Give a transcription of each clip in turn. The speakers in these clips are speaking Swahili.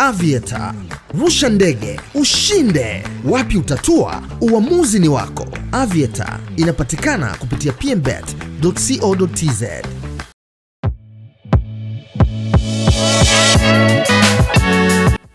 Avieta, rusha ndege ushinde. Wapi utatua? Uamuzi ni wako. Avieta inapatikana kupitia pmbet.co.tz.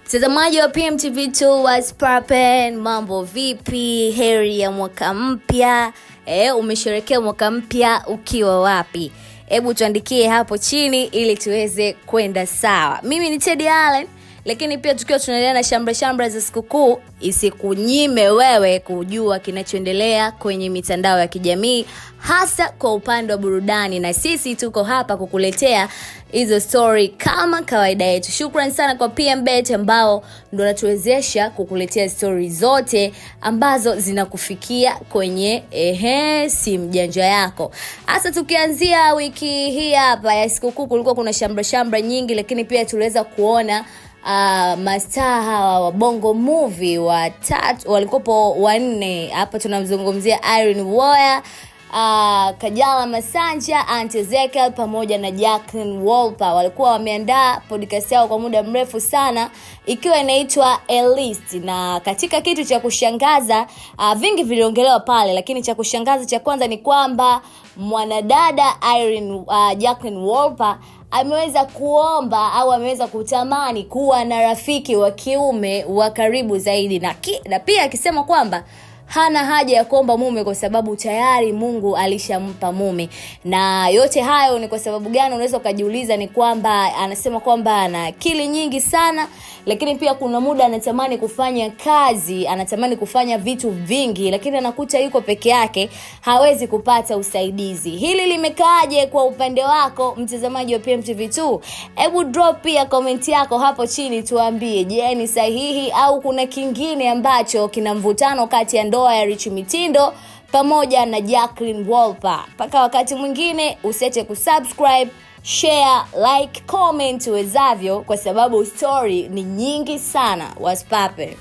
Mtazamaji wa PMTV2 what's poppin, mambo vipi? Heri ya mwaka mpya. E, umesherekea mwaka mpya ukiwa wapi? Hebu tuandikie hapo chini ili tuweze kwenda sawa. Mimi ni Teddy Allen. Lakini pia tukiwa tunaendelea na shamra shamra za sikukuu, isikunyime wewe kujua kinachoendelea kwenye mitandao ya kijamii, hasa kwa upande wa burudani, na sisi tuko hapa kukuletea hizo story kama kawaida yetu. shukran sana kwa PMBet ambao ndo natuwezesha kukuletea story zote ambazo zinakufikia kwenye ehe, simu janja yako. Hasa tukianzia wiki hii hapa ya sikukuu, kulikuwa kuna shamra shamra nyingi, lakini pia tuliweza kuona uh, ah, mastaa hawa wa Bongo Movie watatu walikopo wanne hapa, tunamzungumzia Irene Uwoya uh, Kajala Masanja, Aunty Zekel pamoja na Jacqueline Wolper walikuwa wameandaa podcast yao kwa muda mrefu sana ikiwa inaitwa A List, na katika kitu cha kushangaza uh, vingi viliongelewa pale, lakini cha kushangaza cha kwanza ni kwamba mwanadada Irene uh, Jacqueline Wolper ameweza kuomba au ameweza kutamani kuwa na rafiki wa kiume wa karibu zaidi na, ki, na pia akisema kwamba hana haja ya kuomba mume kwa sababu tayari Mungu alishampa mume. Na yote hayo ni kwa sababu gani? Unaweza ukajiuliza, ni kwamba anasema kwamba ana akili nyingi sana, lakini pia kuna muda anatamani kufanya kazi, anatamani kufanya vitu vingi, lakini anakuta yuko peke yake, hawezi kupata usaidizi. Hili limekaaje kwa upande wako mtazamaji wa PMTV2? Hebu drop pia komenti yako hapo chini, tuambie, je, ni sahihi au kuna kingine ambacho kina mvutano kati ya ndoa ndoa ya Rich Mitindo pamoja na Jacqueline Wolper. Mpaka wakati mwingine, usiache kusubscribe, share, like, comment uwezavyo, kwa sababu story ni nyingi sana. Waspape.